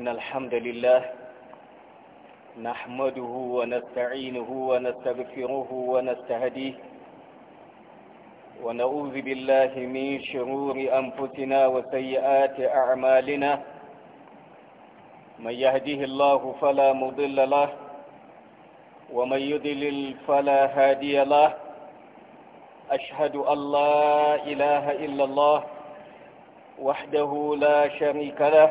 إن الحمد لله نحمده ونستعينه ونستغفره ونستهديه ونعوذ بالله من شرور أنفسنا وسيئات أعمالنا من يهديه الله فلا مضل له ومن يضلل فلا هادي له أشهد أن لا إله إلا الله وحده لا شريك له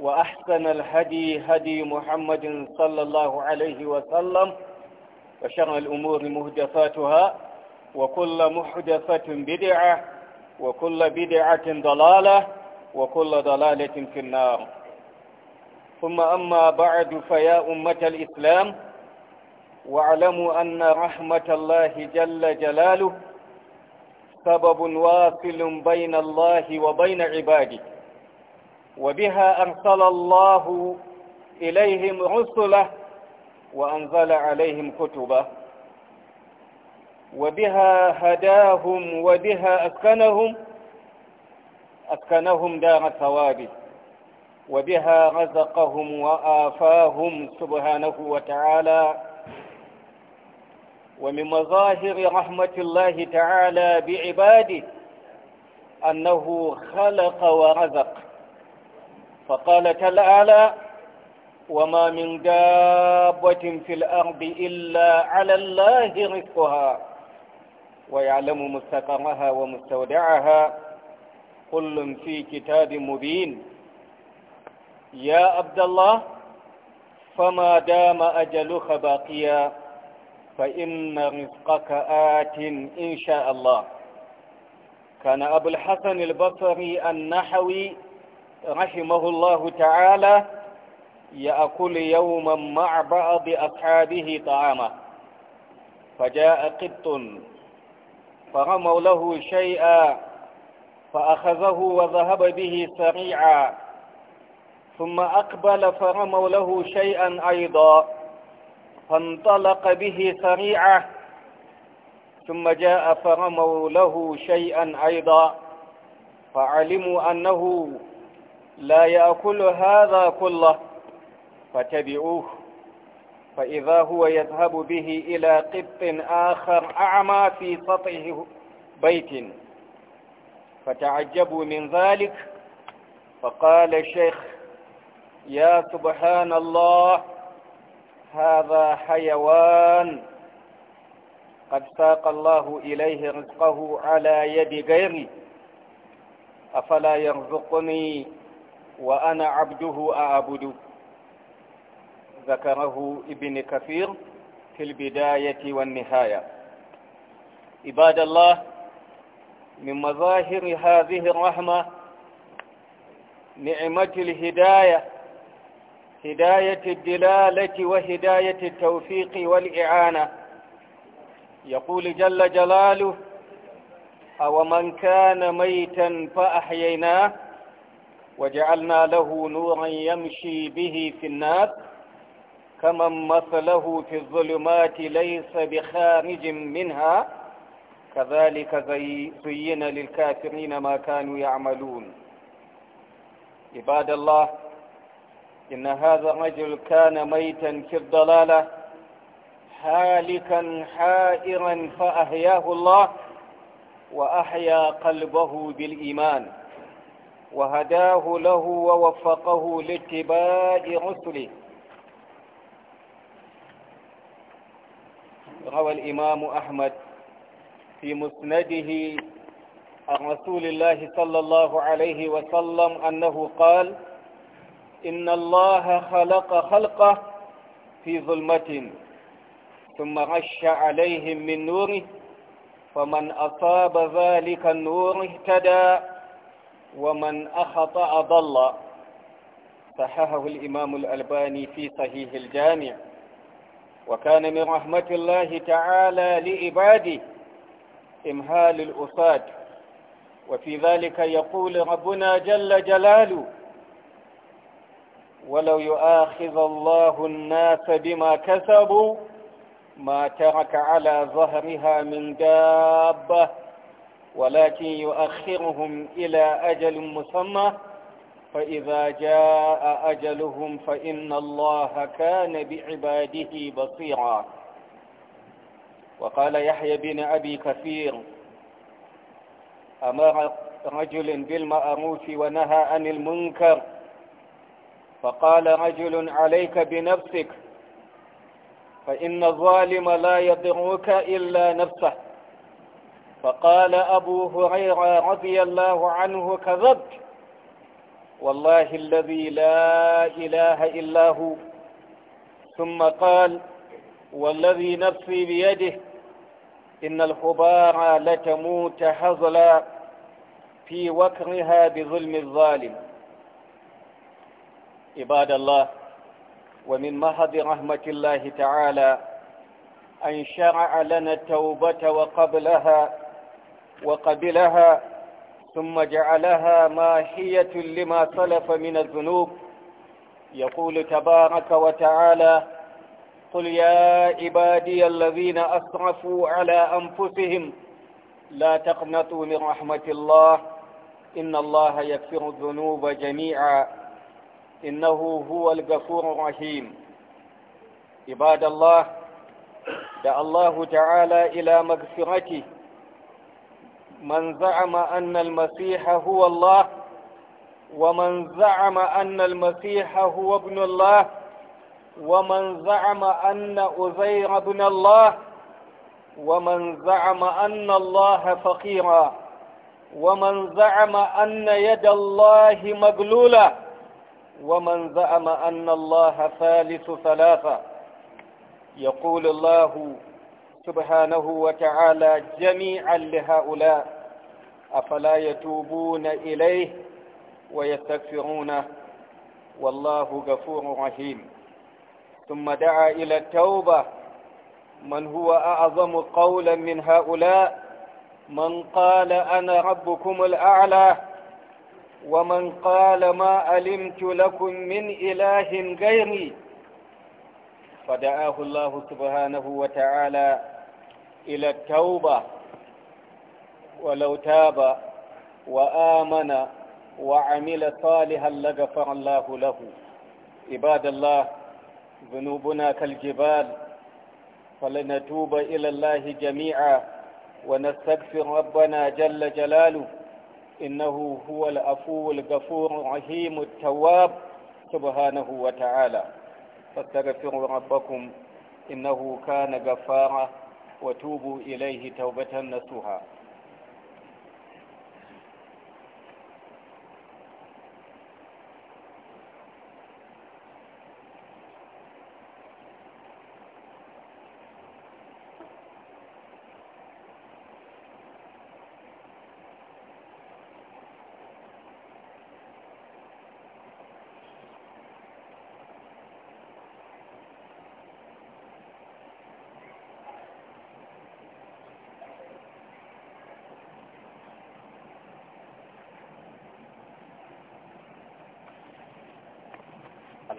وأحسن الهدي هدي محمد صلى الله عليه وسلم وشر الأمور مهدفاتها وكل محدثة بدعة وكل بدعة ضلالة وكل ضلالة في النار ثم أما بعد فيا أمة الإسلام واعلموا أن رحمة الله جل جلاله سبب واصل بين الله وبين عباده وبها أرسل الله إليهم رسله وأنزل عليهم كتبه وبها هداهم وبها أسكنهم أسكنهم دار ثواب وبها رزقهم وآفاهم سبحانه وتعالى ومن مظاهر رحمة الله تعالى بعباده أنه خلق ورزق فقال تعالى وما من دابة في الأرض إلا على الله رزقها ويعلم مستقرها ومستودعها كل في كتاب مبين يا عبد الله فما دام أجلك باقيا فإن رزقك آت إن شاء الله كان أبو الحسن البصري النحوي رحمه الله تعالى يأكل يوما مع بعض أصحابه طعاما فجاء قط فرموا له شيئا فأخذه وذهب به سريعا ثم أقبل فرموا له شيئا أيضا فانطلق به سريعا ثم جاء فرموا له شيئا أيضا فعلموا أنه لا يأكل هذا كله فتبعوه فإذا هو يذهب به إلى قط آخر أعمى في سطح بيت فتعجبوا من ذلك فقال الشيخ يا سبحان الله هذا حيوان قد ساق الله إليه رزقه على يد غيري أفلا يرزقني وأنا عبده أعبد ذكره ابن كثير في البداية والنهاية عباد الله من مظاهر هذه الرحمة نعمة الهداية هداية الدلالة وهداية التوفيق والإعانة يقول جل جلاله أو من كان ميتا فأحييناه وجعلنا له نورا يمشي به في الناس كمن مثله في الظلمات ليس بخارج منها كذلك زين للكافرين ما كانوا يعملون عباد الله إن هذا الرجل كان ميتا في الضلالة هالكا حائرا فأحياه الله وأحيا قلبه بالإيمان وهداه له ووفقه لاتباع رسله روى الإمام أحمد في مسنده عن رسول الله صلى الله عليه وسلم أنه قال إن الله خلق خلقه في ظلمة ثم غش عليهم من نوره فمن أصاب ذلك النور اهتدى ومن أخطأ ضل صححه الإمام الألباني في صحيح الجامع وكان من رحمة الله تعالى لعباده إمهال الأصاد وفي ذلك يقول ربنا جل جلاله ولو يؤاخذ الله الناس بما كسبوا ما ترك على ظهرها من دابه ولكن يؤخرهم إلى أجل مسمى فإذا جاء أجلهم فإن الله كان بعباده بصيرا وقال يحيى بن أبي كثير أمر رجل بالمأروف ونهى عن المنكر فقال رجل عليك بنفسك فإن الظالم لا يضرك إلا نفسه فقال أبو هريرة رضي الله عنه كذبت والله الذي لا إله إلا هو ثم قال والذي نفسي بيده إن الخبار لتموت هزلا في وكرها بظلم الظالم عباد الله ومن مهد رحمة الله تعالى أن شرع لنا التوبة وقبلها وقبلها ثم جعلها ماهية لما سلف من الذنوب يقول تبارك وتعالى قل يا عبادي الذين أسرفوا على أنفسهم لا تقنطوا من رحمة الله إن الله يكفر الذنوب جميعا إنه هو الغفور الرحيم عباد الله دعا الله تعالى إلى مغفرته من زعم أن المسيح هو الله ومن زعم أن المسيح هو ابن الله ومن زعم أن أزير ابن الله ومن زعم أن الله فقيرا ومن زعم أن يد الله مغلولة ومن زعم أن الله ثالث ثلاثة يقول الله سبحانه وتعالى جميعا لهؤلاء أفلا يتوبون إليه ويستغفرونه والله غفور رحيم ثم دعا إلى التوبة من هو أعظم قولا من هؤلاء من قال أنا ربكم الأعلى ومن قال ما علمت لكم من إله غيري فدعاه الله سبحانه وتعالى إلى التوبة ولو تاب وآمن وعمل صالحا لغفر الله له عباد الله ذنوبنا كالجبال فلنتوب إلى الله جميعا ونستغفر ربنا جل جلاله إنه هو العفو الغفور الرحيم التواب سبحانه وتعالى فاستغفروا ربكم إنه كان غفارا wa tubu ilaihi taubatan nasuha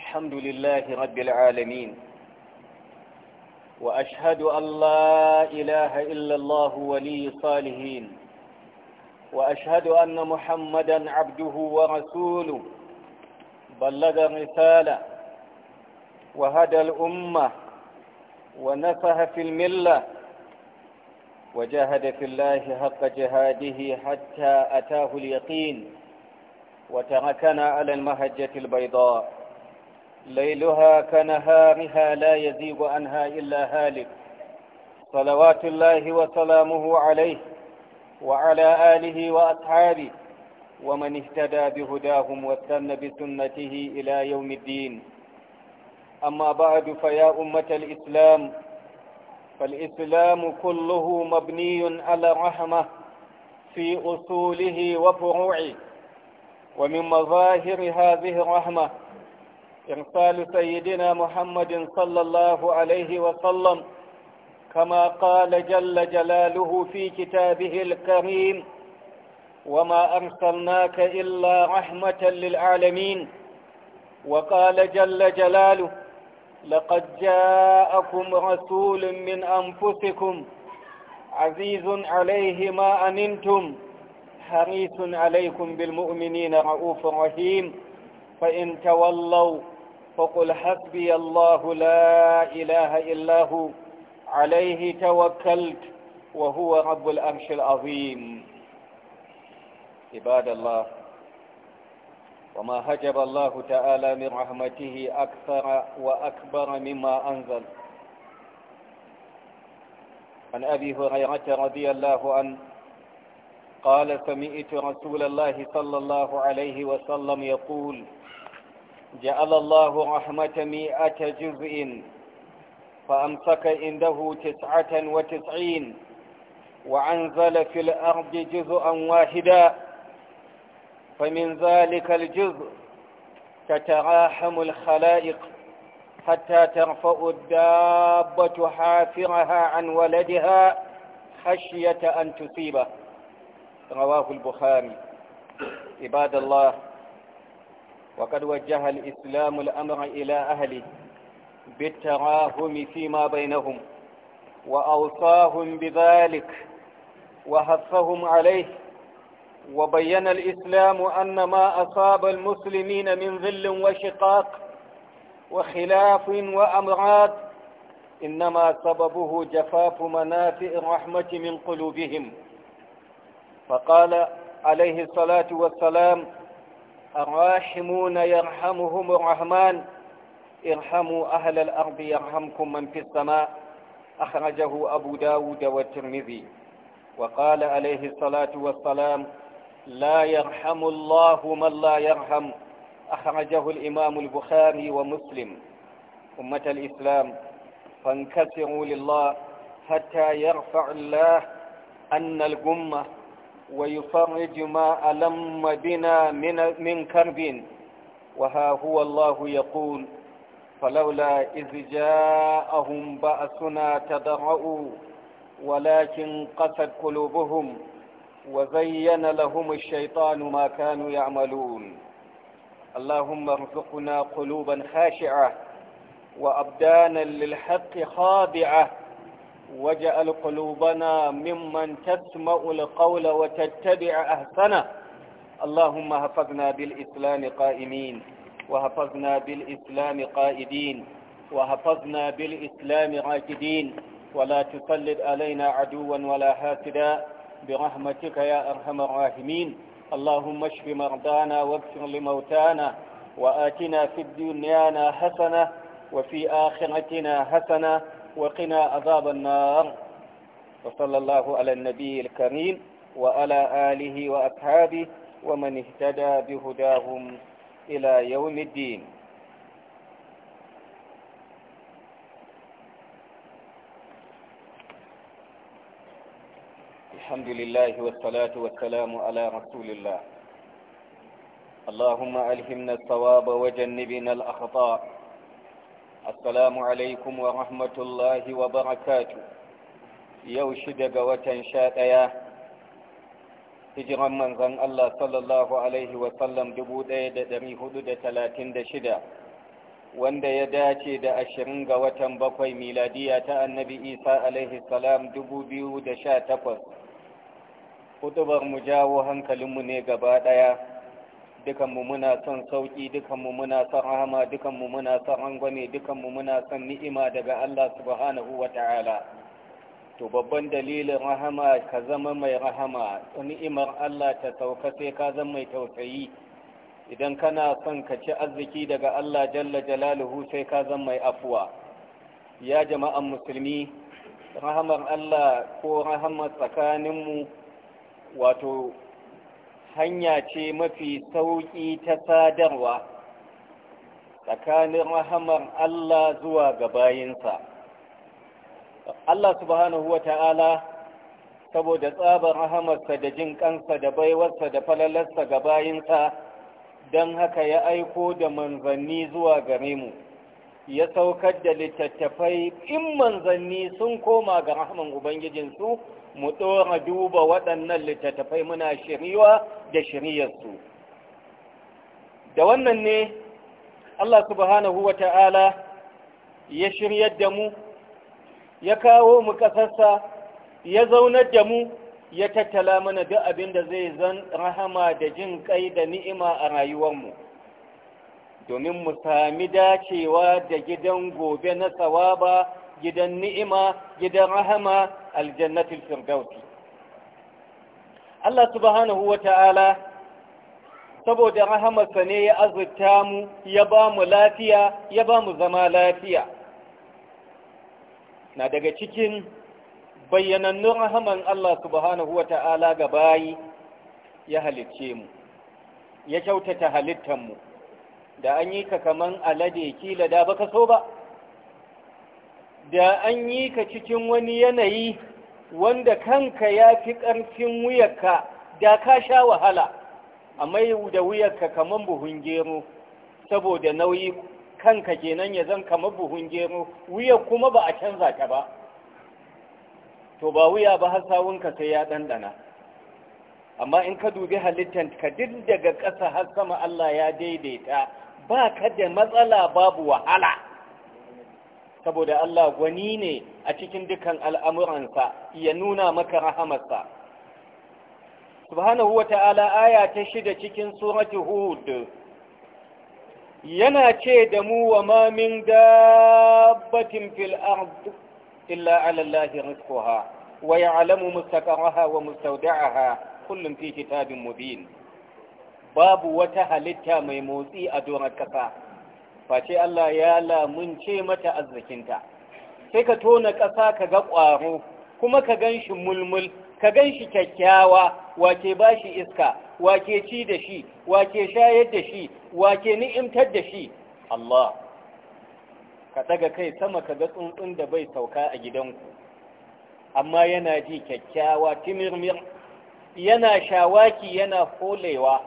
الحمد لله رب العالمين وأشهد أن لا إله إلا الله ولي صالحين وأشهد أن محمدا عبده ورسوله بلغ الرسالة وهدى الأمة ونفه في الملة وجاهد في الله حق جهاده حتى أتاه اليقين وتركنا على المهجة البيضاء ليلها كنهارها لا يزيغ عنها إلا هالك صلوات الله وسلامه عليه وعلى آله وأصحابه ومن اهتدى بهداهم واستنى بسنته إلى يوم الدين أما بعد فيا أمة الإسلام فالإسلام كله مبني على الرحمة في أصوله وفروعه ومن مظاهر هذه الرحمة إرسال سيدنا محمد صلى الله عليه وسلم كما قال جل جلاله في كتابه الكريم وما أرسلناك إلا رحمة للعالمين وقال جل جلاله لقد جاءكم رسول من أنفسكم عزيز عليه ما أمنتم حريص عليكم بالمؤمنين رؤوف رحيم فإن تولوا فقل حسبي الله لا إله إلا هو عليه توكلت وهو رب الأمش العظيم عباد الله وما هجب الله تعالى من رحمته أكثر وأكبر مما أنزل عن أبي هريرة رضي الله عنه قال سمعت رسول الله صلى الله عليه وسلم يقول جعل الله رحمة مئة جزء فأمسك عنده تسعة وتسعين وأنزل في الأرض جزءا واحدا فمن ذلك الجزء تتراحم الخلائق حتى ترفع الدابة حافرها عن ولدها خشية أن تصيبه رواه البخاري عباد الله وقد وجه الإسلام الأمر إلى أهله بالتراهم فيما بينهم وأوصاهم بذلك وحثهم عليه وبين الإسلام أن ما أصاب المسلمين من ظل وشقاق وخلاف وأمراض إنما سببه جفاف منافع الرحمة من قلوبهم فقال عليه الصلاة والسلام الراحمون يرحمهم الرحمن ارحموا أهل الأرض يرحمكم من في السماء أخرجه أبو داود والترمذي وقال عليه الصلاة والسلام لا يرحم الله من لا يرحم أخرجه الإمام البخاري ومسلم أمة الإسلام فانكسروا لله حتى يرفع الله أن الجمة ويفرج ما ألم بنا من, من كرب وها هو الله يقول فلولا إذ جاءهم بأسنا تضرؤوا ولكن قست قلوبهم وزين لهم الشيطان ما كانوا يعملون اللهم ارزقنا قلوبا خاشعة وأبدانا للحق خاضعة واجعل قلوبنا ممن تسمع القول وتتبع أحسنه اللهم حفظنا بالإسلام قائمين وحفظنا بالإسلام قائدين وحفظنا بالإسلام عاكدين ولا تسلط علينا عدوا ولا حاسدا برحمتك يا أرحم الراحمين اللهم اشف مرضانا واغفر لموتانا وآتنا في الدنيانا حسنة وفي آخرتنا حسنة وقنا عذاب النار وصلى الله على النبي الكريم وعلى آله وأصحابه ومن اهتدى بهداهم إلى يوم الدين الحمد لله والصلاة والسلام على رسول الله اللهم ألهمنا الصواب وجنبنا الأخطاء السلام عليكم ورحمة الله وبركاته يوشد قوة شاتيا hijiran manzan Allah sallallahu Alaihi wasallam shida, wanda ya dace da ashirin ga watan bakwai miladiya ta annabi Isa alaihi salam takwas. hudubar mu jawo hankalinmu ne gaba ɗaya dukanmu muna son sauƙi dukanmu muna son rahama dukanmu muna son hangwame dukanmu muna son ni'ima daga Allah subhanahu wa ta'ala to babban dalilin rahama ka zama mai rahama ni'imar Allah ta sauka sai ka zama mai tausayi idan kana son ka ci arziki daga Allah jalla jalaluhu sai ka zama mai afuwa ya jama'an musulmi rahamar Allah ko rahama tsakaninmu wato hanya ce mafi sauƙi ta sadarwa tsakanin rahamar Allah zuwa ga bayinsa Allah subhanahu wa ta'ala saboda tsabar rahamarsa da jin kansa da baiwarsa da falalarsa ga bayinsa don haka ya aiko da manzanni zuwa gare mu ya saukar da littattafai in manzanni sun koma ga Rahman ubangijinsu mu ɗora duba waɗannan littattafai muna shiriwa da shiriyarsu da wannan ne Allah subhanahu wa ta'ala ya shiryar da mu ya kawo mu ƙasarsa ya zaunar da mu ya tattala mana duk abin da zai zan rahama da jin ƙai da ni'ima a rayuwarmu domin mu sami dacewa da gidan gobe na tsawaba gidan ni'ima gidan rahama aljannatul firdausi Allah subhanahu wa ta'ala saboda rahamarsa ne ya azurta mu ya ba mu lafiya ya ba mu zama lafiya na daga cikin bayyanannun rahaman Allah subhanahu wa ta'ala ga bayi ya halicce mu ya kyautata mu. da an yi ka kaman alade kila da baka so ba da an yi ka cikin wani yanayi wanda kanka ya fi ƙarfin wuyarka da ka sha wahala amma da wuyarka kamar buhun gero saboda nauyi kanka kenan ya zan kamar buhun gero wuyar kuma ba a canza ta ba to ba wuya ba har sawunka sai ya ɗanɗana amma in ka dubi halittar ka duk daga ƙasa har sama Allah ya daidaita ba ka da matsala babu wahala saboda Allah gwani ne a cikin dukan al'amuransa ya nuna maka rahamarsa subhanahu wa ta'ala aya ta shida cikin suratu hud yana ce da mu wa mamin dabbatin fil ard illa ala Allahi rizquha wa ya'lamu mustaqarraha wa mustawda'aha kullum fi kitabin mubin babu wata halitta mai motsi a doron kasa face Allah ya lamunce mata arzikinta sai ka tona ƙasa ka ga ƙwaro kuma ka gan shi mulmul ka gan shi kyakkyawa wake ba shi iska wake ci da shi wake shayar da shi wake ni'imtar da shi Allah ka daga kai sama ka ga tsuntsun da bai sauka a gidanku amma yana ji kyakkyawa timirmir yana shawaki yana folewa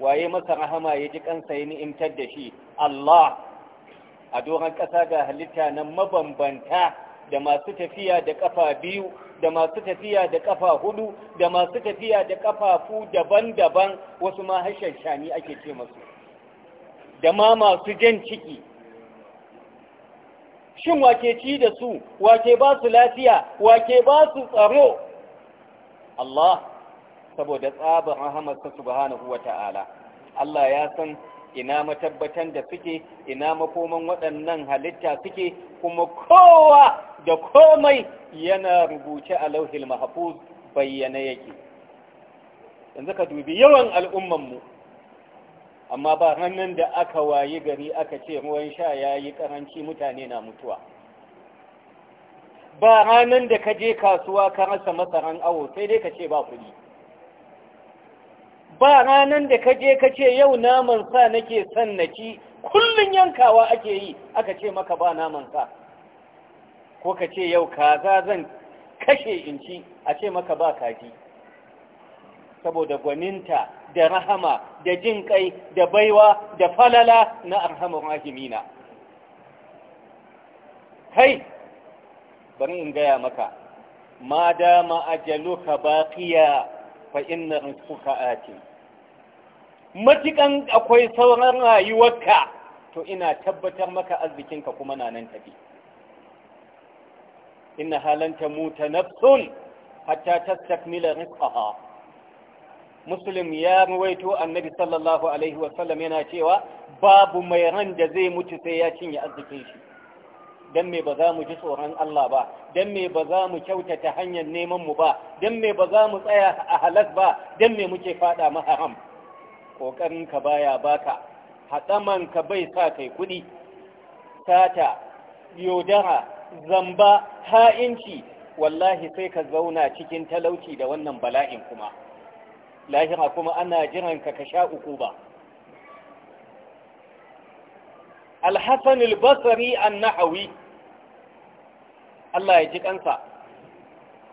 waye masa rahama ya ji kansa ya ni'imtar da shi Allah a doron ƙasa ga halitta nan mabambanta da masu tafiya da ƙafa biyu da masu tafiya da ƙafa hudu da masu tafiya da ƙafafu daban-daban wasu ma harshen shani ake ce masu da ma masu jan ciki shin wake ci da su wake ba su lafiya wake ba su tsaro Allah saboda tsabar rahamarsa subhanahu wata'ala Allah ya san ina matabbatan da suke ina makoman waɗannan halitta suke kuma kowa da komai yana rubuce a lauhil mahfuz bayyana yake yanzu ka dubi yawan al'ummanmu amma ba hannun da aka wayi gari aka ce ruwan sha ya yi ƙaranci mutane na mutuwa ba ranar da ka je kasuwa ka rasa masaran awo sai dai ka ce ba kuɗi ba ranan da kaje je ka ce yau naman sa nake son na ci kullun yankawa ake yi aka ce maka ba naman sa ko ka ce yau kaza zan kashe in ci a ce maka ba kaji saboda gwaninta da rahama da jin kai da baiwa da falala na arhamar rahimina kai bari in gaya maka ma dama ajaluka baqiya fa inna rizquka ati matikan akwai sauran rayuwarka to ina tabbatar maka arzikinka kuma na nan tafi ina halanta muta nafsun hatta tastakmila rizqaha musulun ya ruwaito annabi sallallahu alaihi wasallam yana cewa babu mai ran da zai mutu sai ya cinye arzikin shi dan me ba za mu ji tsoron Allah ba dan me ba za mu kyautata hanyar neman mu ba dan me ba za mu tsaya a halas ba dan me muke fada maharam Ƙoƙarinka ka baya baka hadaman ka bai sa kai kuɗi. sata yaudara zamba ha'inci wallahi sai ka zauna cikin talauci da wannan bala'in kuma lahira kuma ana jiran ka ka sha uku ba alhassan albasari annahawi Allah ya ji kansa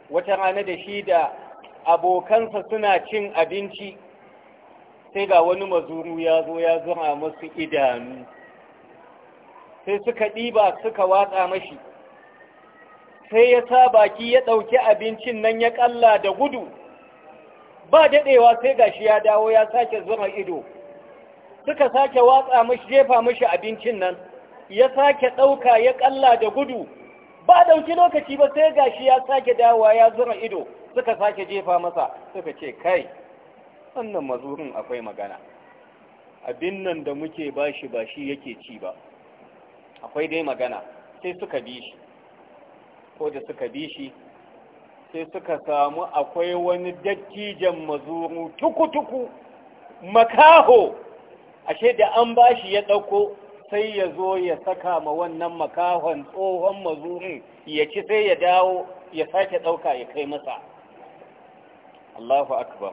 wata rana da shi da abokansa suna cin abinci sai ga wani mazuru ya zo ya zura masu idanu sai suka ɗiba suka watsa mashi sai ya sa baki ya ɗauki abincin nan ya ƙalla da gudu ba daɗewa sai gashi ya dawo ya sake zura ido suka sake watsa mashi jefa mashi abincin nan ya sake ɗauka ya ƙalla da gudu ba ɗauki lokaci ba sai gashi ya sake dawowa ya zura ido suka sake jefa masa suka ce kai wannan mazurin akwai magana abin nan da muke bashi ba shi yake ci ba akwai dai magana sai suka bi shi ko da suka bi shi sai suka samu akwai wani dattijan mazuru tukutuku makaho ashe da an ba shi ya ɗauko sai ya zo ya saka ma wannan makahon tsohon mazurin ya ci sai ya dawo ya sake ɗauka ya kai masa Allahu akbar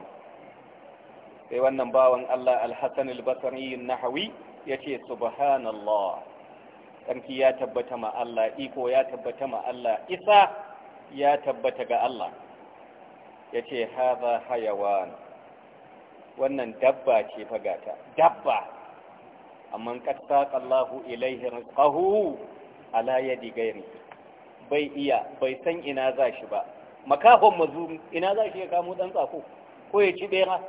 sai wannan bawan Allah al-Hasan al-Basri an-Nahawi yace subhanallah sarki ya tabbata ma Allah iko ya tabbata ma Allah isa ya tabbata ga Allah yace hadha hayawan wannan dabba ce fagata dabba amma ƙasa saqallahu ilayhi rizqahu ala yadi gairi bai iya bai san ina za shi ba Makahon mazuri ina za shi ya kamo dan tsako ko ya ci bera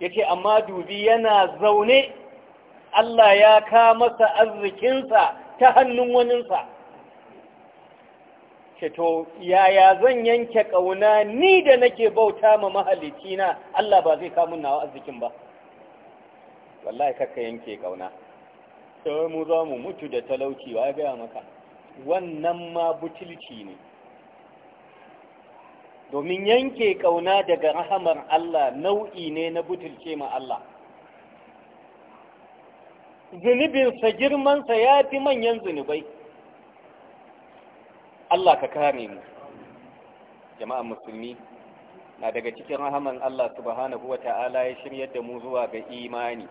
yace amma dubi yana zaune Allah ya ka masa arzikinsa ta hannun waninsa to yaya zan yanke ƙauna ni da nake bauta ma mahalicina Allah ba zai kamun nawa arzikin ba wallahi kakka yanke kauna sai mu zo mu mutu da talauci wa gaya maka wannan ma butulci ne domin yanke kauna daga rahamar Allah nau'i ne na butulce ma Allah zunubinsa girmansa ya fi manyan zunubai Allah ka kare mu jama'an musulmi na daga cikin rahaman Allah subhanahu wa ta'ala ya shiryar da mu zuwa ga imani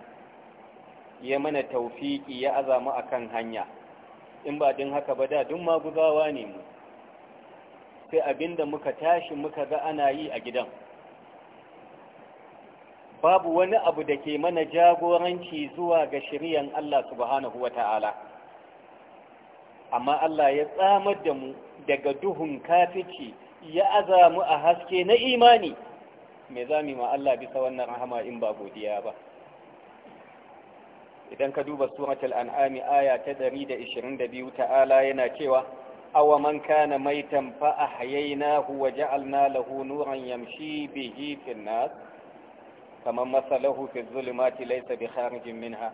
ya mana taufiki ya azamu akan hanya in ba din haka ba da duk maguzawa ne mu sai abinda muka tashi muka ga ana yi a gidan babu wani abu da ke mana jagoranci zuwa ga shiriyan Allah subhanahu wata'ala amma Allah ya tsamar da mu daga duhun kafici ya azamu a haske na imani mai zami ma Allah bisa wannan rahama in ba godiya ba idan ka duba suratul an'ami aya ta 122 ta'ala yana cewa awa man kana maitan fa ahyaynahu wa ja'alna lahu nuran yamshi bihi fin nas kaman masalahu fi zulumati laysa bi kharijin minha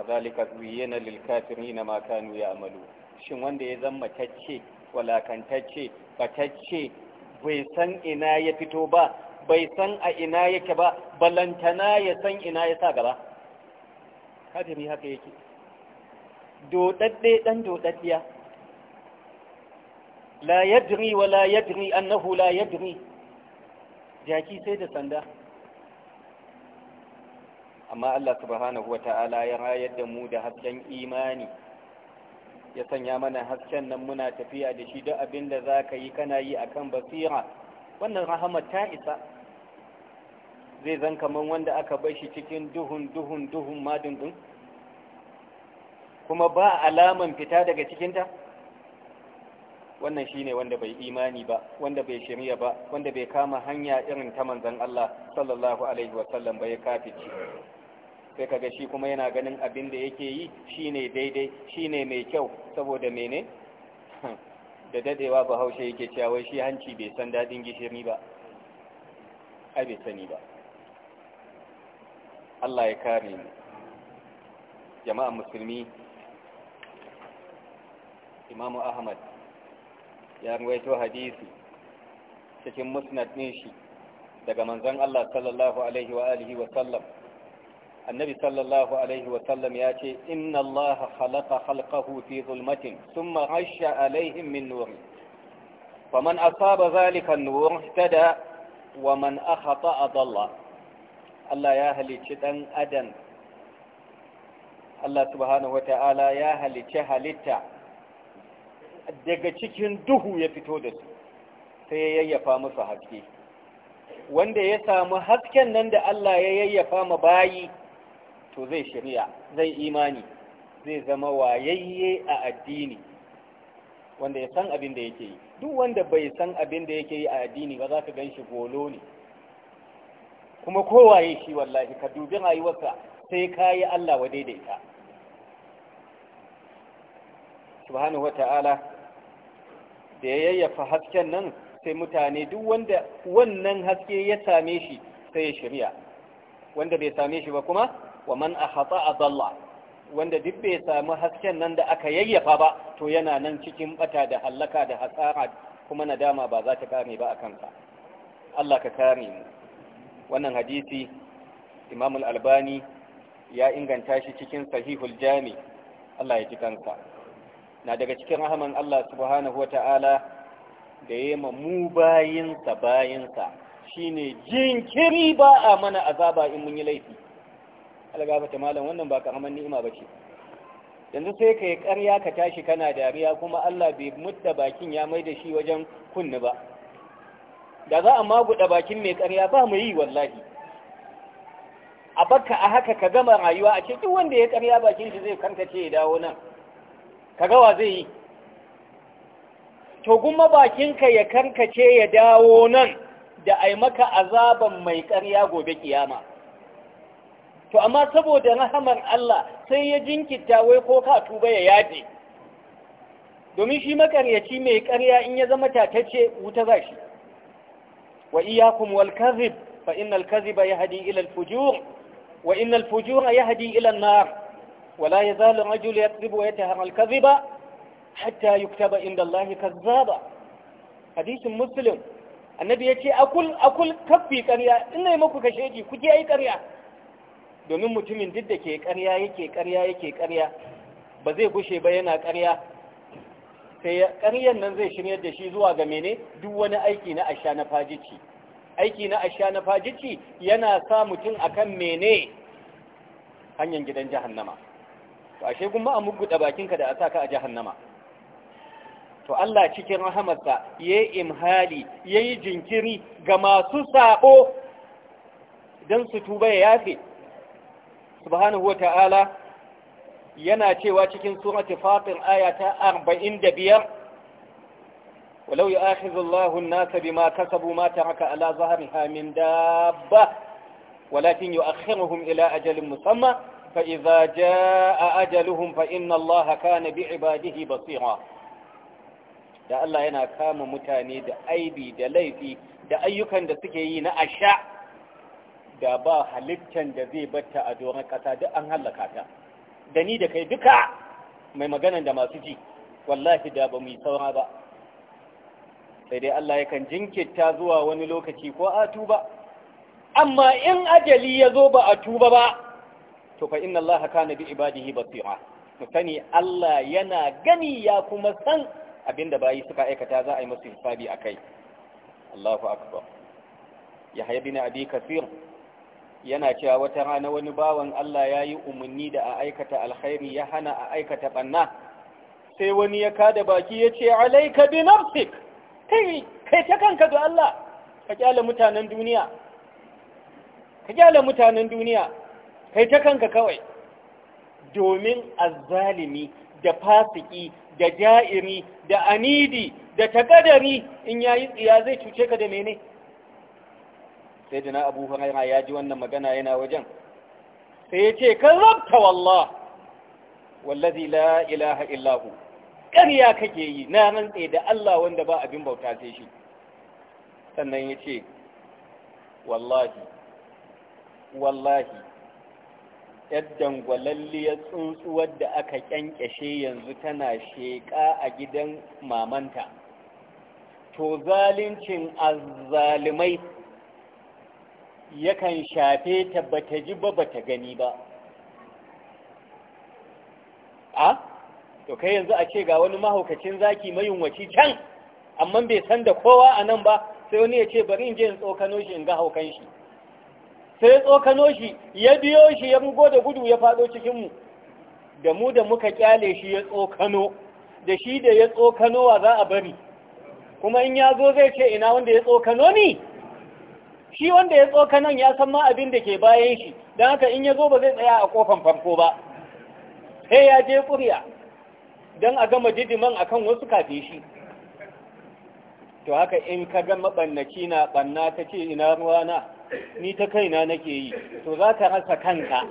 kadhalika zuyyina lil kafirina ma kanu ya'malu shin wanda ya zama tacce walakantacce batacce bai san ina ya fito ba bai san a ina yake ba balantana ya san ina ya sa gaba kafiri haka yake dodadde dan dodaddiya la yadri wa la yadri annahu la yadri jaki sai da sanda amma Allah subhanahu wa ta'ala ya rayar da mu da hasken imani ya sanya mana hasken nan muna tafiya da shi duk abin da za ka yi kana yi akan basira wannan rahama ta isa zai zan kamar wanda aka bai shi cikin duhun duhun duhun din kuma ba alaman fita daga cikinta wannan shine wanda bai imani ba wanda bai shari'a ba wanda bai kama hanya irin ta manzon Allah sallallahu alaihi wasallam bai kafici sai kaga shi kuma yana ganin abin da yake yi shine daidai shine mai kyau saboda mene da dadewa bahaushe yake cewa shi hanci bai san dadin gishiri ba ai bai sani ba Allah ya kare mu jama'a musulmi imamu ahmad ya ruwaito hadisi cikin musnad ɗin shi daga manzon Allah sallallahu alaihi wa alihi wa sallam annabi sallallahu alaihi wa sallam ya ce inna Allah khalaqa khalqahu fi zulmatin thumma asha alaihim min nuri man asaba zalika an-nur ihtada wa man akhata adalla Allah ya halicci ɗan adam Allah subhanahu wata'ala ya halicci halitta daga cikin duhu ya fito da su sai ya yayyafa musu haske wanda ya samu hasken nan da Allah ya yayyafa ma bayi to zai shari'a zai imani zai zama wayayye a addini wanda ya san abin da yake yi duk wanda bai san abin da yake yi a addini ba za ka gan shi golo ne kuma ya shi wallahi ka dubi rayuwarsa sai ka yi Allah wa daidaita subhanahu wata'ala da ya yayyafa hasken nan sai mutane duk wanda wannan haske ya same shi sai ya shirya wanda bai same shi ba kuma wa man ahata adalla wanda duk bai samu hasken nan da aka yayyafa ba to yana nan cikin bata da hallaka da hasara kuma nadama ba za ta kame ba a kansa Allah ka kare mu wannan hadisi imam al-albani ya inganta shi cikin sahihul jami Allah ya ji kansa na daga cikin rahaman Allah subhanahu wa ta'ala da ya ma mu bayinsa bayinsa shine jinkiri ba a mana azaba in mun yi laifi algaba ta malam wannan ba karaman ni'ima ba ce yanzu sai ka yi ƙarya ka tashi kana dariya kuma Allah bai mutta bakin ya mai da shi wajen kunni ba da za a maguɗa bakin mai ƙarya ba mu yi wallahi a baka a haka ka gama rayuwa a ce wanda ya ƙarya bakin shi zai kankace ya dawo nan ka gawa zai yi to kuma bakinka ya karkace ya dawo nan da ai maka azaban mai ƙarya gobe kiyama to amma saboda rahamar Allah sai ya jinkita wai ko ka tuba ya yaje domin shi makaryaci mai ƙarya in ya zama tatacce wuta za shi وإياكم والكذب فإن الكذب يهدي إلى الفجور وإن الفجور يهدي إلى النار ولا يزال الرجل يكذب ويتهم الكذب حتى يكتب عند الله كذابا حديث مسلم annabi ya ce akul akul kaffi ƙarya ina yi maku kashe ji ku je yi ƙarya domin mutumin duk da ke ƙarya yake karya yake karya. ba zai ba yana ƙarya sai ƙaryar nan zai shirya da shi zuwa ga mene duk wani aiki na asha na fajici aiki na asha na fajici yana sa mutum akan mene hanyar gidan jahannama to ashe kuma a mugguda bakinka da a sa ka a jahannama to Allah cikin rahamarsa ya yi imhali ya yi jinkiri ga masu sabo don su tuba ya yafe subhanahu ta'ala yana cewa cikin surati fatir aya ta 45 walau ya'khudhu Allahu an-nasa bima kasabu ma taraka ala zahriha min dabba walakin yu'akhiruhum ila ajalin musamma fa idza jaa ajaluhum fa inna Allaha kana bi'ibadihi basira da Allah yana kama mutane da aibi da laifi da ayyukan da suke yi na asha da ba halittan da zai batta a doron kasa duk an hallaka ta da ni da kai duka mai maganan da masu ji wallahi da ba mu yi saura ba sai dai Allah yakan jinkirta zuwa wani lokaci ko a tuba amma in ajali ya zo ba a tuba ba to fa inna Allah kana bi ibadihi basira mu sani Allah yana gani ya kuma san abinda bayi suka aikata za a yi musu hisabi akai Allahu akbar Yahya bin Abi kasir. yana cewa wata rana wani bawan Allah ya yi umarni da a aikata alkhairi ya hana a aikata ɓanna sai wani ya kada baki ya ce alaika bi nafsik kai ta kanka ga Allah ka kyale mutanen duniya ka kyale mutanen duniya kai ta kanka kawai domin azzalimi da fasiki da ja'iri da anidi da takadari in yayi tsiya zai cuce ka da menene sai na abu huraira ya ji wannan magana yana wajen sai ya ce kazzabta wallah wallazi la ilaha illahu ƙarya kake yi na rantse da Allah wanda ba abin bauta sai shi sannan ya ce wallahi wallahi yaddan gwalalliyar tsuntsuwar da aka kyankyashe yanzu tana sheƙa a gidan mamanta to zalincin azzalimai yakan shafe ta bata ji ba bata gani ba a to kai yanzu a ce ga wani mahaukacin zaki yunwaci can amma bai san da kowa a nan ba sai wani ya ce bari in je in tsokano shi in ga haukan shi sai ya tsokano shi ya biyo shi ya bugo da gudu ya faɗo cikinmu da mu da muka kyale shi ya tsokano da shi da ya tsokano wa za a bari kuma in ya zo zai ce ina wanda ya tsokano ni shi wanda ya tsoka nan ya san ma abin da ke bayan shi don haka in ya zo ba zai tsaya a kofan farko ba sai ya je ƙuriya don a gama jidiman akan wasu kafin shi to haka in ka gama mabannaci na ɓanna ta ce ina ruwana ni ta kaina nake yi to za ka rasa kanka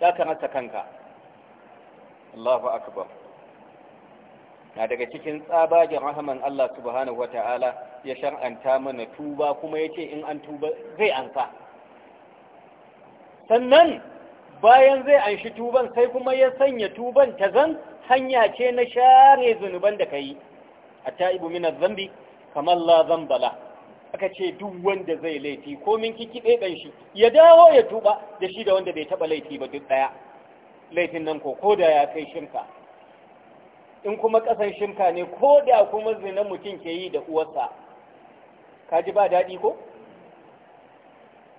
za ka rasa kanka Allahu akbar na daga cikin tsabagen rahaman Allah subhanahu wata'ala ya shar'anta mana tuba kuma ya ce in an tuba zai ansa sannan bayan zai anshi tuban sai kuma ya sanya tuban ta zan hanya ce na share zunuban da ka yi a ta'ibu mina zambi kamar la zambala aka ce duk wanda zai laifi ko min kiki ɗaiɗan shi ya dawo ya tuba da shi da wanda bai taɓa laifi ba duk ɗaya laifin nan ko ko da ya kai shirka in kuma kasan ne ko da kuma zina mutum ke yi da uwarsa ka ji ba daɗi ko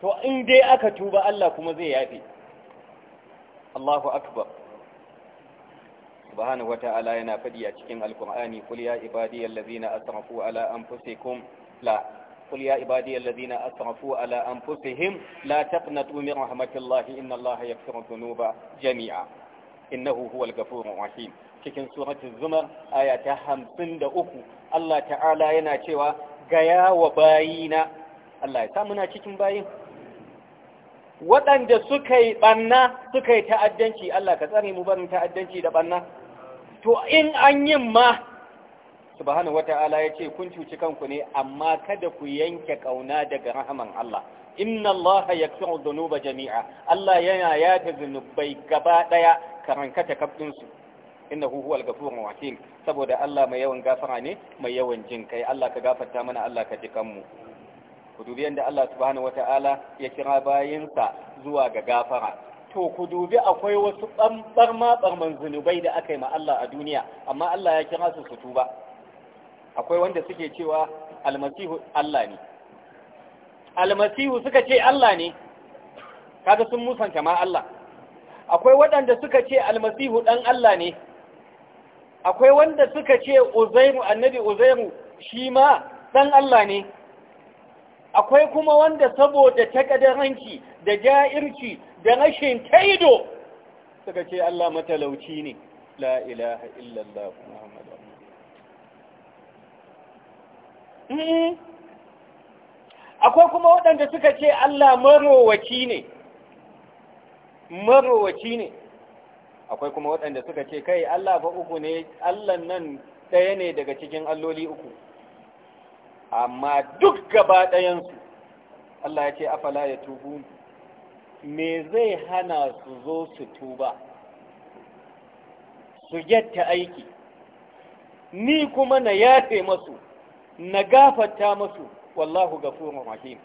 to in dai aka tuba Allah kuma zai yafe Allahu akbar subhanahu wata'ala yana faɗi a cikin alkur'ani kul ya ibadiyal ladina asrafu ala anfusikum la قل يا عبادي الذين أسرفوا على أنفسهم لا تقنطوا من رحمة الله إن الله يغفر jami'a. جميعا إنه هو الغفور cikin suratun zuma aya ta hamsin da uku Allah ta'ala yana cewa gaya wa bayina Allah ya samuna cikin bayin waɗanda suka yi ɓanna suka yi ta'addanci Allah ka tsare mu barin ta'addanci da ɓanna to in an yin ma subhanahu wata'ala ya ce kun cuci kanku ne amma kada ku yanke ƙauna daga rahaman Allah inna Allah yakfiru dhunuba jami'a Allah yana yata zunubai gaba ɗaya karankata kafin su innahu huwal ghafurur rahim saboda Allah mai yawan gafara ne mai yawan jin kai Allah ka gafarta mana Allah ka ji kanmu ku dubi yanda Allah subhanahu wata'ala ya kira bayinsa zuwa ga gafara to ku dubi akwai wasu ɓamɓar maɓarman zunubai da aka yi ma Allah a duniya amma Allah ya kira su su tuba akwai wanda suke cewa almasihu Allah ne almasihu suka ce Allah ne kaga sun musanta ma Allah akwai waɗanda suka ce almasihu ɗan Allah ne akwai wanda suka ce uzairu annabi uzairu shi ma ɗan Allah ne akwai kuma wanda saboda takadaranci da ja'irci da rashin taido suka ce Allah matalauci ne la ilaha illallah muhammadu akwai kuma waɗanda suka ce Allah marowaci ne marowaci ne akwai kuma waɗanda suka ce kai Allah fa uku ne Allah nan ɗaya ne daga cikin alloli uku amma duk gaba ɗayansu Allah ya ce afala ya tubu me zai hana su zo su tuba su yadda aiki ni kuma na yafe masu na gafata masu wallahu gafurur rahim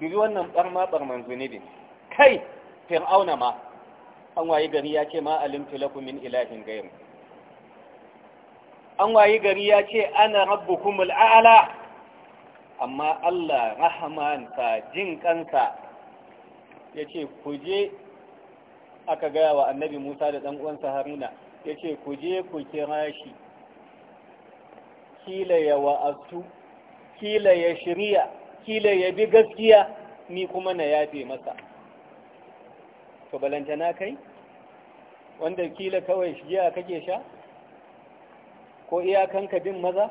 Bibi wannan barma barman zunubi kai fir'auna ma an wayi gari ya ce ma lakumin lakum min ilahin ghayr an wayi gari ya ce ana rabbukum ala amma Allah ta jin kanka ya ce ku je aka gaya wa annabi Musa da ɗan uwansa Haruna ya ce ku je ku kira shi kila ya wa'astu kila ya shirya kila ya bi gaskiya ni kuma na yafe masa to balantana kai wanda kila kawai shiya kake sha ko iyakanka bin maza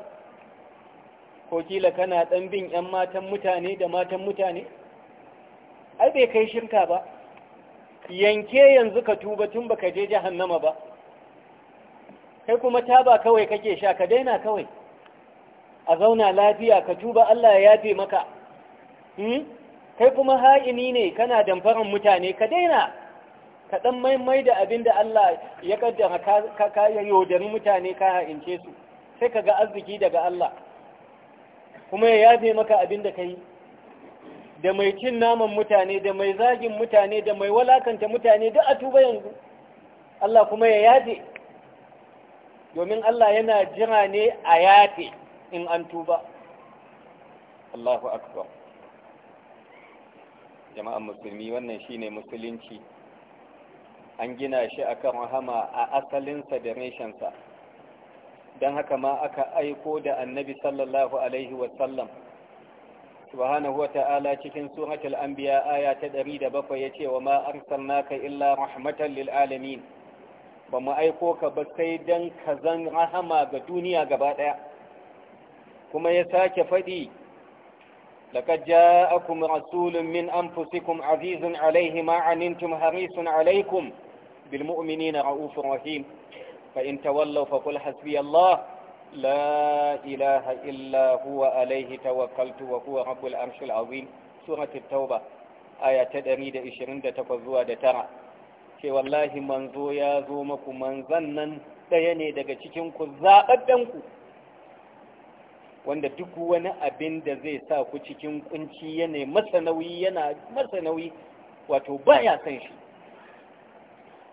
ko kila kana ɗan bin 'yan matan mutane da matan mutane ai bai kai shirka ba yanke yanzu ka tuba tun baka je jahannama ba kai kuma taba kawai kake sha ka daina kawai a zauna lafiya ka tuba Allah ya yafe maka hmm? kai kuma ha'ini ne kana damfaran mutane ka daina Kaɗan dan maimai da abin da Allah ya kaddama ka ka yaudari mutane ka ha'ince su sai ka ga arziki daga Allah kuma ya yafe maka abin da ka yi da mai cin naman mutane da mai zagin mutane da mai walakanta mutane duk a tuba yanzu Allah kuma ya yafe domin Allah yana jira ne a yafe in an tuba Allahu akbar jama'an musulmi wannan shine musulunci an gina shi a kan rahama a asalinsa da reshensa don haka ma aka aiko da annabi sallallahu alaihi wasallam subhanahu wa ta'ala cikin suratul anbiya aya ta 107 yace wa ma arsalnaka illa rahmatan lil alamin ba aiko ka ba sai dan ka zan rahama ga duniya gaba daya kuma ya sake fadi لقد jaakum رسول min anfusikum عزيز عليه ما harisun حريص عليكم بالمؤمنين رؤوف رحيم فإن تولوا فقل حسبي الله لا إله إلا هو عليه توكلت وهو رب العرش العظيم سورة التوبة آية تدريد إشرين تفضوا دترى ce wallahi manzo ya zo maku manzan nan ɗaya ne daga cikinku zaɓaɗɗenku wanda duk wani abin da zai sa ku cikin kunci yana masa nauyi yana masa nauyi wato baya san shi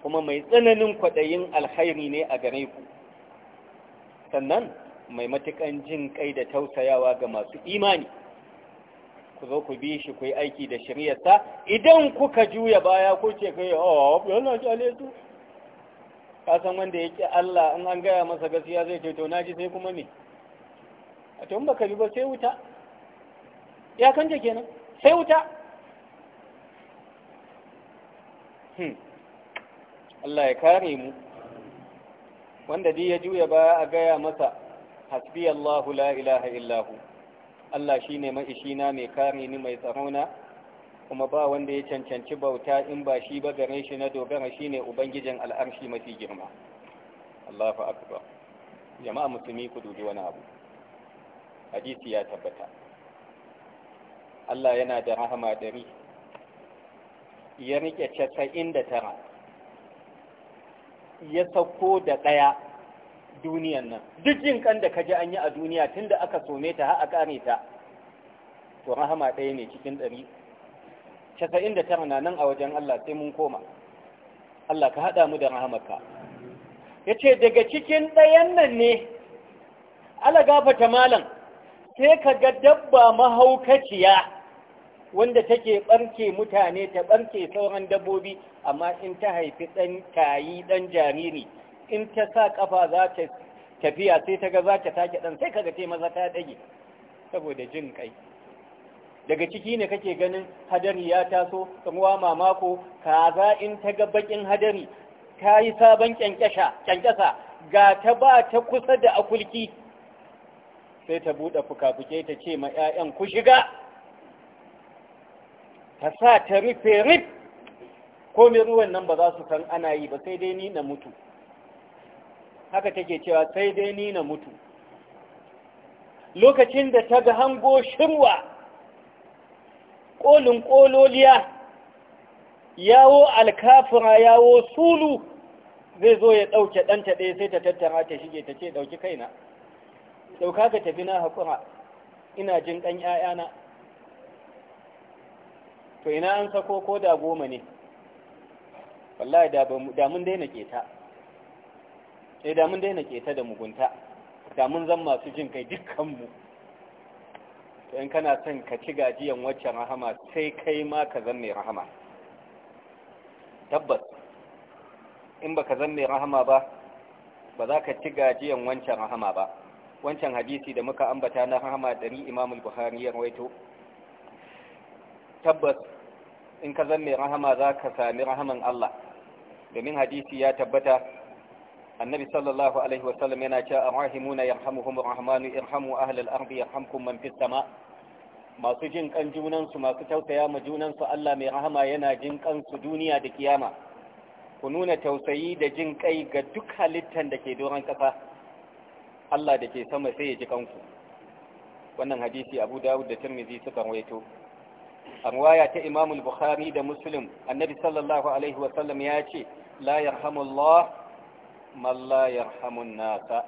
kuma mai tsananin kwaɗayin alkhairi ne a gare ku sannan mai matukan jin ƙai da tausayawa ga masu imani ku zo ku bi shi ku yi aiki da shiryarsa idan kuka juya baya ko ce kai oh yana jale su ka san wanda ƙi Allah in an gaya masa gaskiya zai ce to ji sai kuma me a tun baka bi ba sai wuta ya kanta kenan sai wuta hmm. Allah ya kare mu wanda dai ya juya ba a gaya masa hasbi Allahu la ilaha illahu Allah shine maishina mai kare ni mai tsarona kuma ba wanda ya cancanci bauta in ba shi ba gare shi na dogara shine ubangijin al'arshi mafi girma Allahu akbar jama'a musulmi ku dubi wani abu hadisi ya tabbata Allah yana da rahama dari ya rike tara. ya sauko da ɗaya duniyan nan duk jin kan da kaji an yi a duniya tun da aka some ta har a kare ta to rahama ɗaya ne cikin ɗari casa'in da tara na nan a wajen Allah sai mun koma Allah ka haɗa mu da rahamarka ya ce daga cikin ɗayan nan ne ala gafata malam sai ka ga dabba mahaukaciya wanda take barke mutane ta barke sauran dabbobi amma in ta haifi ɗan tayi ɗan jariri in ta sa ƙafa za ta tafiya sai ta ga za ta take ɗan sai kaga taima maza ta ɗage saboda jin kai daga ciki ne kake ganin hadari ya taso ruwa mamako kaza in ta ga bakin hadari ta yi sabon kyankyasa ga ta ba ta kusa da akulki sai ta buɗe fuka-fuke ta ce ma 'ya'yan ku shiga ka sa ta rufe rif komai ruwan nan ba za su san ana yi ba sai dai ni na mutu haka take cewa sai dai ni na mutu lokacin da ta ga hango shirwa ƙolin ƙololiya yawo alkafura, yawo sulu zai zo ya ɗauke ɗanta ɗaya sai ta tattara ta shige ta ce ɗauki kaina ɗauka ka tafi na haƙura ina jin ɗan ‘ya'yana to ina an sako ko da goma ne wallahi da mun daina keta eh da mun daina keta da mugunta da mun zan masu jin kai dukkanmu to in kana son ka ci gajiyan wacce rahama sai kai ma ka zan mai rahama tabbas in baka zan mai rahama ba ba za ka ci gajiyan wancan rahama ba wancan hadisi da muka ambata na rahama dari imamul buhari ya rawaito tabbas in ka zan mai rahama za ka sami rahaman Allah domin hadisi ya tabbata annabi sallallahu alaihi wasallam yana cewa arrahimuna yarhamuhumur rahmanu irhamu ahlal ardi yarhamkum man fis sama masu jin kan junansu masu tausaya ma junansu Allah mai rahama yana jin kansu duniya da kiyama ku nuna tausayi da jin kai ga duk halittan da ke doron kasa Allah da ke sama sai ya ji kanku wannan hadisi Abu Dawud da Tirmidhi suka rawaito a ruwaya ta Imam Bukhari da Muslim annabi sallallahu alaihi wa sallam ya ce la yarhamullah man la yarhamun nasa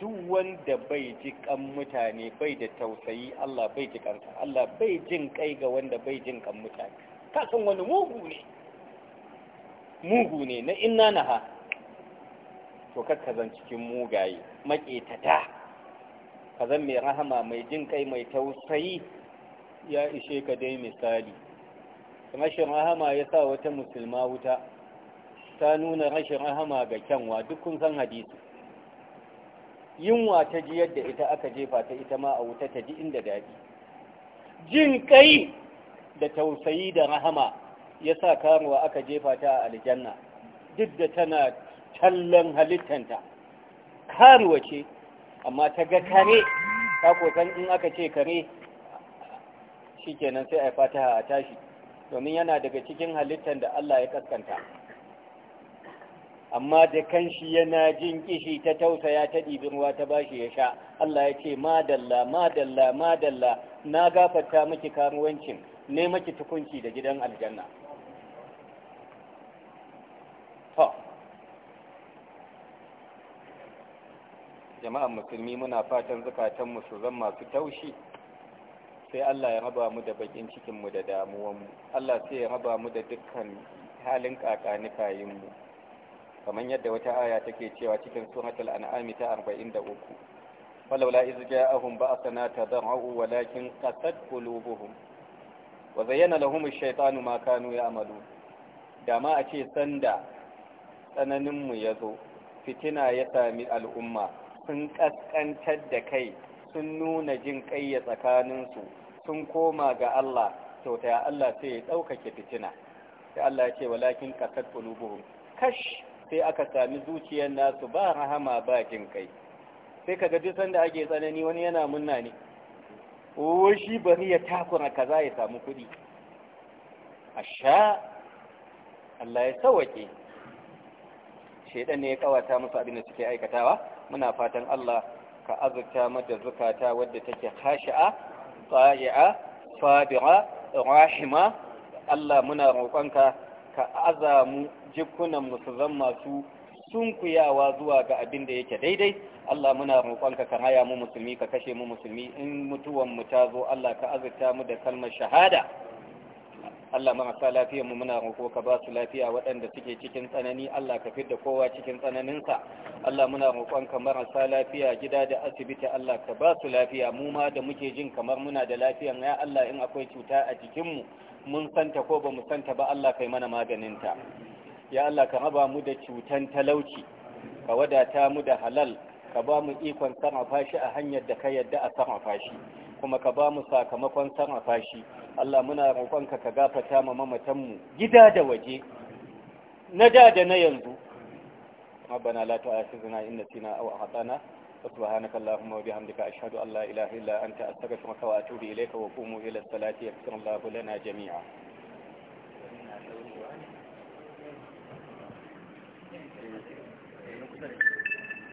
duk wanda bai ji kan mutane bai da tausayi Allah bai ji kansa Allah bai jin kai ga wanda bai jin kan mutane ka san wani mugu ne mugu ne na inna naha to kakka zan cikin mugaye maƙetata ka zan mai rahama mai jin kai mai tausayi ya ishe ka dai misali rashin rahama ya sa wata musulma wuta ta nuna rashin rahama ga kyanwa duk kun san hadisi yunwa ta ji yadda ita aka jefa ta ita ma a wuta ta ji inda daɗi jin kai da tausayi da rahama ya sa karuwa aka jefa ta a aljanna duk da tana tallan halittanta karuwa ce amma ta ga kare ta kosan in aka ce kare shikenan sai a fataha a tashi domin yana daga cikin halittar da Allah ya kaskanta amma da kanshi yana jin kishi ta tausaya ta ɗibin ruwa ta bashi ya sha Allah ya ce madalla madalla madalla na gafarta miki karuwancin ne miki tukunci da gidan aljanna jama'an musulmi muna fatan zakatan su zan masu taushi sai Allah ya raba mu da bakin cikin mu da damuwan mu Allah sai ya raba mu da dukkan halin kakanikayin mu kamar yadda wata aya take cewa cikin suratul an'am ta 43 فلولا إذ جاءهم بأسنا تضرعوا ولكن قست قلوبهم وزين لهم الشيطان ما Da ma a ce sanda tsananinmu ya zo fitina ya sami al'umma sun ƙasƙantar da kai sun nuna jin kayya tsakaninsu sun koma ga Allah to ta Allah sai ya ɗaukake fitina sai Allah ya ce walakin ƙasar qulubuhum kash sai aka sami zuciyar nasu ba rahama ba jin kai sai kaga duk sanda ake tsanani wani yana munna ne shi bari ya takura kaza ya samu kuɗi asha Allah ya sawake shedan ne ya kawata musu abin da suke aikatawa muna fatan Allah ka azurta mata zukata wadda take hashi'a tsayi'a sabira rahima Allah muna roƙonka ka aza mu jikunan mu zan masu sunkuyawa zuwa ga abin da yake daidai Allah muna roƙonka ka haya mu musulmi ka kashe mu musulmi in mutuwan mu ta zo Allah ka azurta mu da kalmar shahada Allah marasa lafiyar mu muna roƙo ka ba su lafiya waɗanda suke cikin tsanani Allah ka fidda kowa cikin tsananinsa Allah muna roƙon ka marasa lafiya gida da asibiti Allah ka ba su lafiya mu ma da muke jin kamar muna da lafiyan ya Allah in akwai cuta a jikinmu mun santa ko ba mu santa ba Allah kai mana maganinta ya Allah ka raba mu da cutan talauci ka wadata mu da halal ka ba mu ikon sarrafa shi a hanyar da ka yadda a sarrafa shi kuma ka ba mu sakamakon sarrafa shi Allah muna roƙonka ka gafata ma mamatanmu gida da waje na da da na yanzu ربنا لا تؤاخذنا إن نسينا أو أخطأنا سبحانك اللهم وبحمدك أشهد أن لا إله إلا أنت أستغفرك وأتوب إليك وقوموا إلى الصلاة يغفر الله لنا جميعا Thank you.